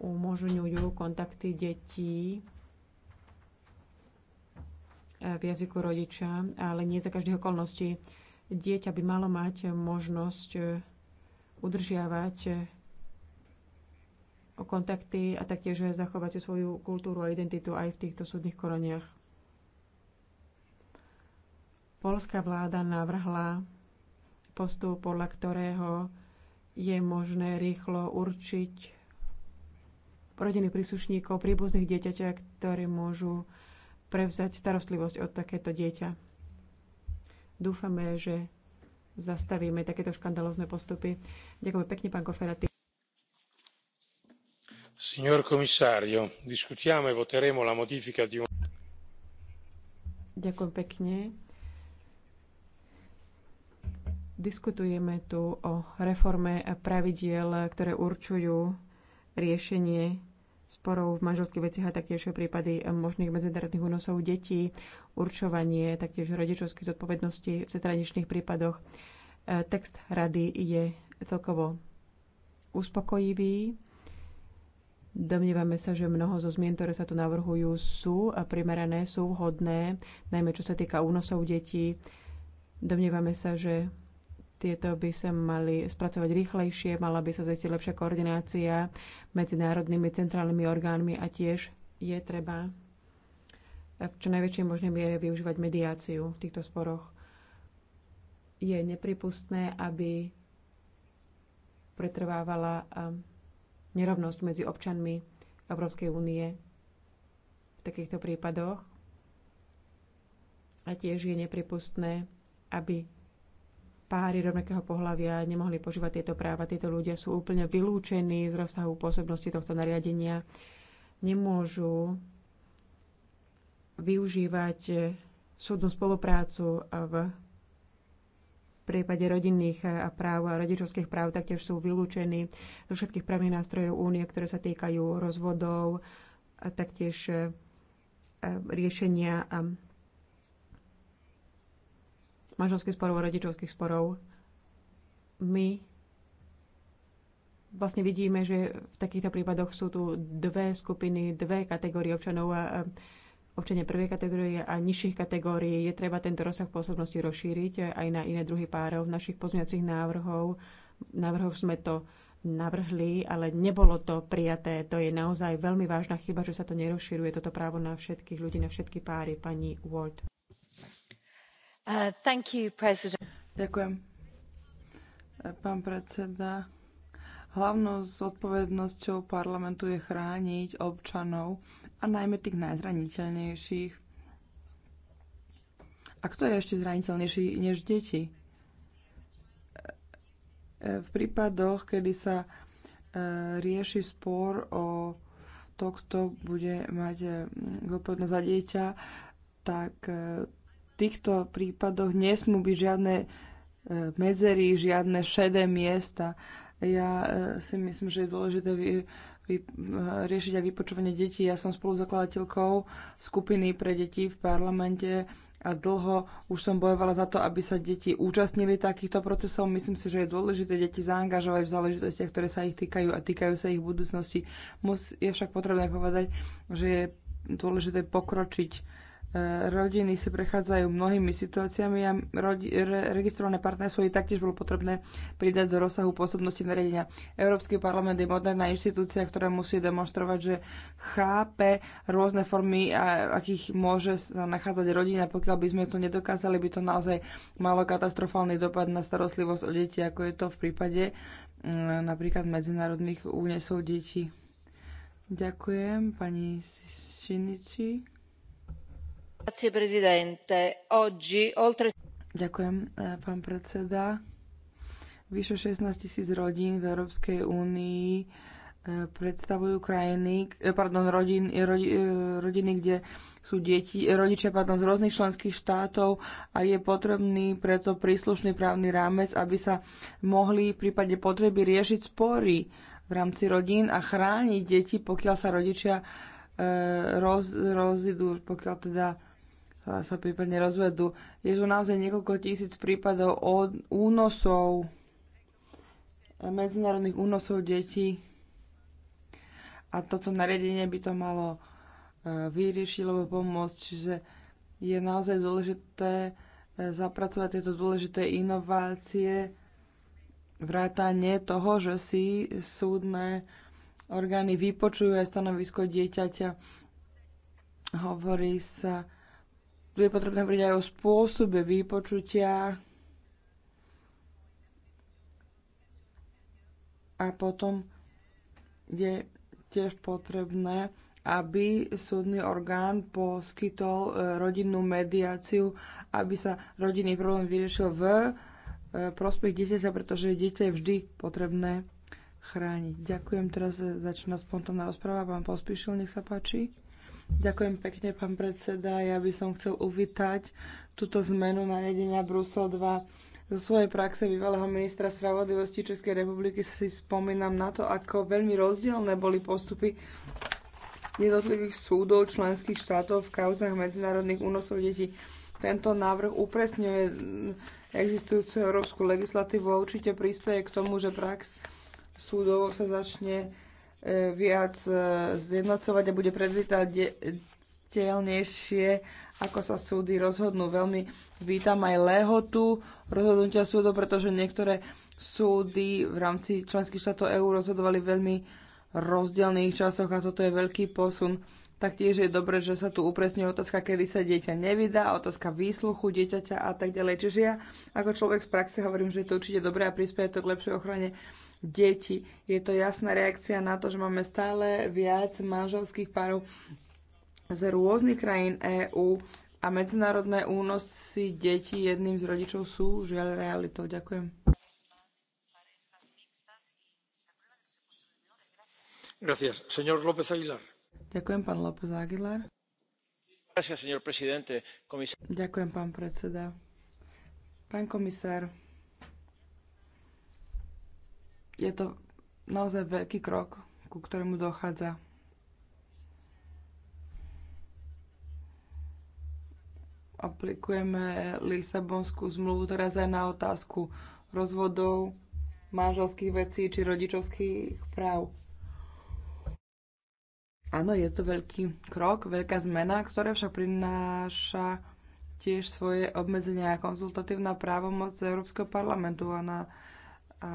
umožňujú kontakty detí Eh, v jazyku rodiča, ale nie za každých okolností. Dieťa by malo mať eh, možnosť eh, udržiavať kontakty a taktiež zachovať si svoju kultúru a identitu aj v týchto súdnych koroniach. Polská vláda navrhla postup, podľa ktorého je možné rýchlo určiť rodiny príslušníkov, príbuzných dieťaťa, ktorí môžu prevzať starostlivosť od takéto dieťa. Dúfame, že zastavíme takéto škandalozne postupy. Ďakujem pekne, pán Koferati. Signor commissario, discutiamo e voteremo la modifica di un... Ďakujem pekne. Diskutujeme tu o reforme pravidiel, ktoré určujú riešenie sporov v manželských veciach a taktiež prípady možných medzinárodných únosov detí, určovanie taktiež rodičovských zodpovedností v cestraničných prípadoch. E, text rady je celkovo uspokojivý. Domnievame sa, že mnoho zo zmien, ktoré sa tu navrhujú, sú primerané, sú vhodné, najmä čo sa týka únosov detí. Domnievame sa, že tieto by sa mali spracovať rýchlejšie, mala by sa zistiť lepšia koordinácia medzi národnými centrálnymi orgánmi a tiež je treba v čo najväčšej možnej miere využívať mediáciu v týchto sporoch. Je nepripustné, aby pretrvávala um, nerovnosť medzi občanmi Európskej únie v takýchto prípadoch. A tiež je nepripustné, aby páry rovnakého pohľavia nemohli požívať tieto práva. Títo ľudia sú úplne vylúčení z rozsahu pôsobnosti tohto nariadenia. Nemôžu využívať súdnu spoluprácu v prípade rodinných práv a rodičovských práv taktiež sú vylúčení zo všetkých právnych nástrojov únie, ktoré sa týkajú rozvodov, a taktiež e, riešenia manželských sporov, rodičovských sporov. My vlastne vidíme, že v takýchto prípadoch sú tu dve skupiny, dve kategórie občanov a občania prvej kategórie a nižších kategórií. Je treba tento rozsah pôsobnosti rozšíriť aj na iné druhy párov. V našich pozmeňovacích návrhov, návrhov sme to navrhli, ale nebolo to prijaté. To je naozaj veľmi vážna chyba, že sa to nerozširuje, toto právo na všetkých ľudí, na všetky páry, pani Ward. Uh, Pán predseda, hlavnou zodpovednosťou parlamentu je chrániť občanov a najmä tých najzraniteľnejších. A kto je ešte zraniteľnejší než deti? V prípadoch, kedy sa e, rieši spor o to, kto bude mať e, zodpovednosť za dieťa, tak e, týchto prípadoch nesmú byť žiadne e, medzery, žiadne šedé miesta. Ja e, si myslím, že je dôležité vy, vy, e, riešiť aj vypočúvanie detí. Ja som spoluzakladateľkou skupiny pre deti v parlamente a dlho už som bojovala za to, aby sa deti účastnili takýchto procesov. Myslím si, že je dôležité deti zaangažovať v záležitostiach, ktoré sa ich týkajú a týkajú sa ich budúcnosti. Mus, je však potrebné povedať, že je dôležité pokročiť E, rodiny si prechádzajú mnohými situáciami a rodi, re, registrované partnerstvo je taktiež bolo potrebné pridať do rozsahu pôsobnosti nariadenia. Európsky parlament je moderná inštitúcia, ktorá musí demonstrovať, že chápe rôzne formy, a, akých môže sa nachádzať rodina. Pokiaľ by sme to nedokázali, by to naozaj malo katastrofálny dopad na starostlivosť o deti, ako je to v prípade e, napríklad medzinárodných únesov detí. Ďakujem, pani Šiniči. Ďakujem, eh, pán predseda. Vyše 16 tisíc rodín v Európskej únii eh, predstavujú krajiny, eh, pardon, rodiny, kde sú deti, rodičia pardon, z rôznych členských štátov a je potrebný preto príslušný právny rámec, aby sa mohli v prípade potreby riešiť spory v rámci rodín a chrániť deti, pokiaľ sa rodičia roz, rozidú, pokiaľ teda sa prípadne rozvedú. Je tu naozaj niekoľko tisíc prípadov od únosov, eh, medzinárodných únosov detí. A toto nariadenie by to malo eh, vyriešiť, lebo pomôcť. Čiže je naozaj dôležité eh, zapracovať tieto dôležité inovácie, vrátanie toho, že si súdne orgány vypočujú aj stanovisko dieťaťa. Hovorí sa, tu je potrebné hovoriť aj o spôsobe výpočutia a potom je tiež potrebné, aby súdny orgán poskytol e, rodinnú mediáciu, aby sa rodinný problém vyriešil v e, prospech dieťaťa, pretože dieťa je vždy potrebné chrániť. Ďakujem, teraz e, začína spontánna rozpráva. Pán Pospíšil, nech sa páči. Ďakujem pekne, pán predseda. Ja by som chcel uvítať túto zmenu nariadenia Brusel 2. Zo svojej praxe bývalého ministra spravodlivosti Českej republiky si spomínam na to, ako veľmi rozdielne boli postupy jednotlivých súdov členských štátov v kauzach medzinárodných únosov detí. Tento návrh upresňuje existujúcu európsku legislatívu a určite prispieje k tomu, že prax súdov sa začne E, viac e, zjednocovať a bude predvídateľnejšie, ako sa súdy rozhodnú. Veľmi vítam aj lehotu rozhodnutia súdov, pretože niektoré súdy v rámci členských štátov EÚ rozhodovali veľmi rozdielných časoch a toto je veľký posun. Taktiež je dobre, že sa tu upresňuje otázka, kedy sa dieťa nevydá, otázka výsluchu dieťaťa a tak ďalej. Čiže ja ako človek z praxe hovorím, že je to určite dobré a prispieje to k lepšej ochrane deti. Je to jasná reakcia na to, že máme stále viac manželských párov z rôznych krajín EÚ a medzinárodné únosy detí jedným z rodičov sú žiaľ realitou. Ďakujem. Gracias. Señor López Aguilar. Ďakujem, pán López Aguilar. Gracias, señor presidente. Ďakujem, pán predseda. Pán komisár, je to naozaj veľký krok, ku ktorému dochádza. Aplikujeme Lisabonskú zmluvu teraz aj na otázku rozvodov, manželských vecí či rodičovských práv. Áno, je to veľký krok, veľká zmena, ktorá však prináša tiež svoje obmedzenia a konzultatívna právomoc z Európskeho parlamentu Ona na a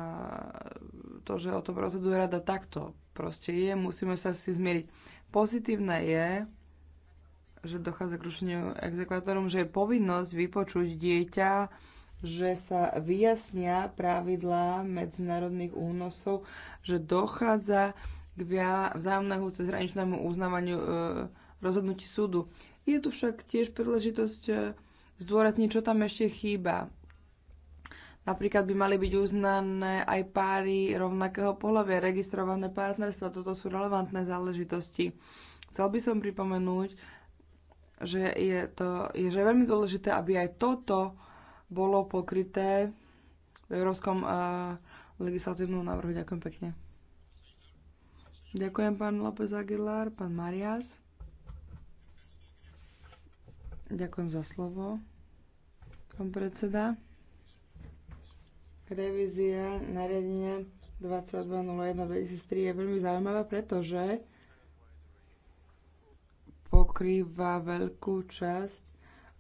to, že o tom rozhoduje rada takto proste je, musíme sa si zmieriť. Pozitívne je, že dochádza k rušeniu exekvátorom, že je povinnosť vypočuť dieťa, že sa vyjasnia pravidlá medzinárodných únosov, že dochádza k vzájomnému cezhraničnému uznávaniu e, rozhodnutí súdu. Je tu však tiež príležitosť e, zdôrazniť, čo tam ešte chýba. Napríklad by mali byť uznané aj páry rovnakého pohľavia, registrované partnerstva. Toto sú relevantné záležitosti. Chcel by som pripomenúť, že je, to, je že veľmi dôležité, aby aj toto bolo pokryté v Európskom uh, legislatívnom návrhu. Ďakujem pekne. Ďakujem pán López Aguilar, pán Marias. Ďakujem za slovo, pán predseda. Revízia nariadenia 2201-2003 je veľmi zaujímavá, pretože pokrýva veľkú časť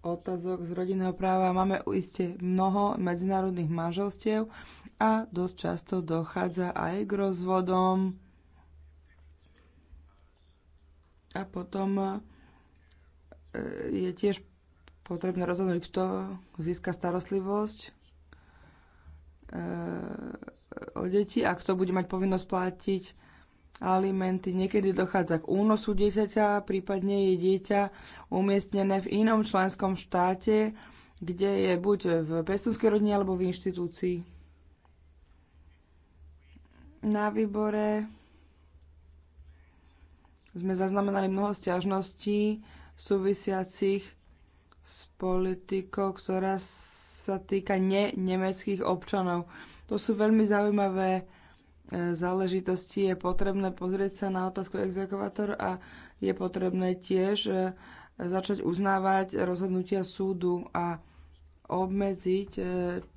otázok z rodinného práva. Máme uiste mnoho medzinárodných manželstiev a dosť často dochádza aj k rozvodom a potom e, je tiež potrebné rozhodnúť, kto získa starostlivosť o deti a kto bude mať povinnosť platiť alimenty. Niekedy dochádza k únosu dieťaťa, prípadne je dieťa umiestnené v inom členskom štáte, kde je buď v pestúnskej rodine alebo v inštitúcii. Na výbore sme zaznamenali mnoho stiažností súvisiacich s politikou, ktorá sa týka ne nemeckých občanov. To sú veľmi zaujímavé e, záležitosti. Je potrebné pozrieť sa na otázku exekvátor a je potrebné tiež e, začať uznávať rozhodnutia súdu a obmedziť e,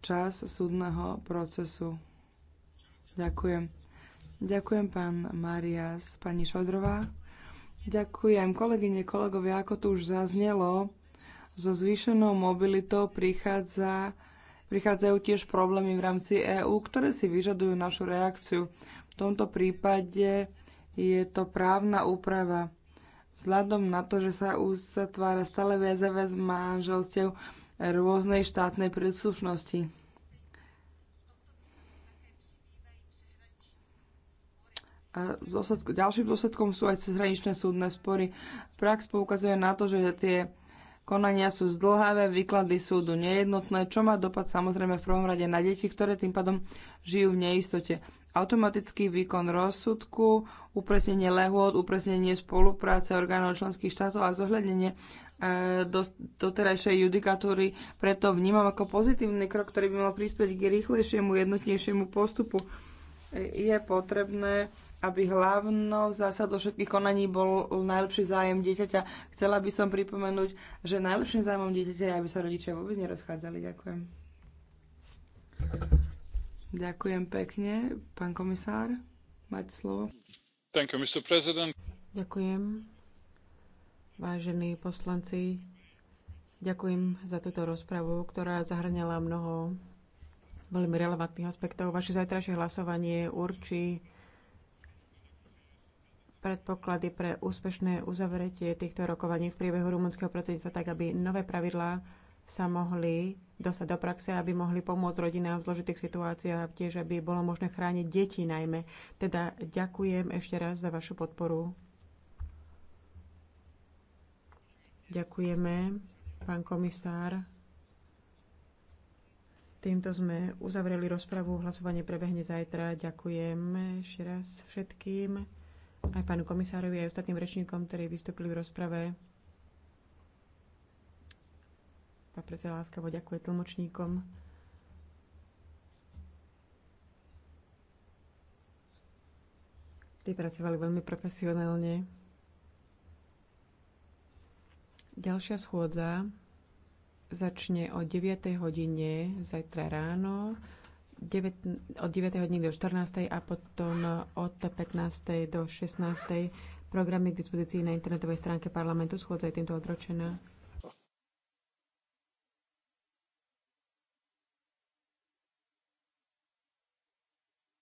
čas súdneho procesu. Ďakujem. Ďakujem pán Marias, pani Šodrová. Ďakujem kolegyne, kolegovia, ako tu už zaznelo, so zvýšenou mobilitou prichádza, prichádzajú tiež problémy v rámci EÚ, ktoré si vyžadujú našu reakciu. V tomto prípade je to právna úprava. Vzhľadom na to, že sa uzatvára stále viac a viac manželstiev rôznej štátnej príslušnosti. A dôsledk, ďalším dôsledkom sú aj cezhraničné súdne spory. Prax poukazuje na to, že tie Konania sú zdlhavé, výklady súdu nejednotné, čo má dopad samozrejme v prvom rade na deti, ktoré tým pádom žijú v neistote. Automatický výkon rozsudku, upresnenie lehôd, upresnenie spolupráce orgánov členských štátov a zohľadnenie e, do, doterajšej judikatúry. Preto vnímam ako pozitívny krok, ktorý by mal prispieť k rýchlejšiemu, jednotnejšiemu postupu. E, je potrebné aby hlavnou zásadou všetkých konaní bol najlepší zájem dieťaťa. Chcela by som pripomenúť, že najlepším zájmom dieťaťa je, aby sa rodičia vôbec nerozchádzali. Ďakujem. Ďakujem pekne. Pán komisár, máte slovo. Thank you, Mr. President. Ďakujem. Vážení poslanci, ďakujem za túto rozpravu, ktorá zahrňala mnoho veľmi relevantných aspektov. Vaše zajtrajšie hlasovanie určí predpoklady pre úspešné uzavretie týchto rokovaní v priebehu rumunského predsedníctva tak, aby nové pravidlá sa mohli dostať do praxe, aby mohli pomôcť rodinám v zložitých situáciách a tiež, aby bolo možné chrániť deti najmä. Teda ďakujem ešte raz za vašu podporu. Ďakujeme, pán komisár. Týmto sme uzavreli rozpravu. Hlasovanie prebehne zajtra. Ďakujem ešte raz všetkým aj pánu komisárovi, aj ostatným rečníkom, ktorí vystúpili v rozprave. Pán predseda láskavo ďakuje tlmočníkom. Tí pracovali veľmi profesionálne. Ďalšia schôdza začne o 9. hodine zajtra ráno. 9, od 9. hodiny do 14. a potom od 15. do 16. programy k dispozícii na internetovej stránke parlamentu. Schôdza je týmto odročená.